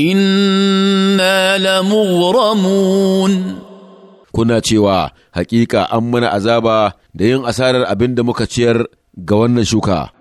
inna lamughramun kuna cewa hakika an mana azaba da yin asarar abin da muka ciyar ga wannan shuka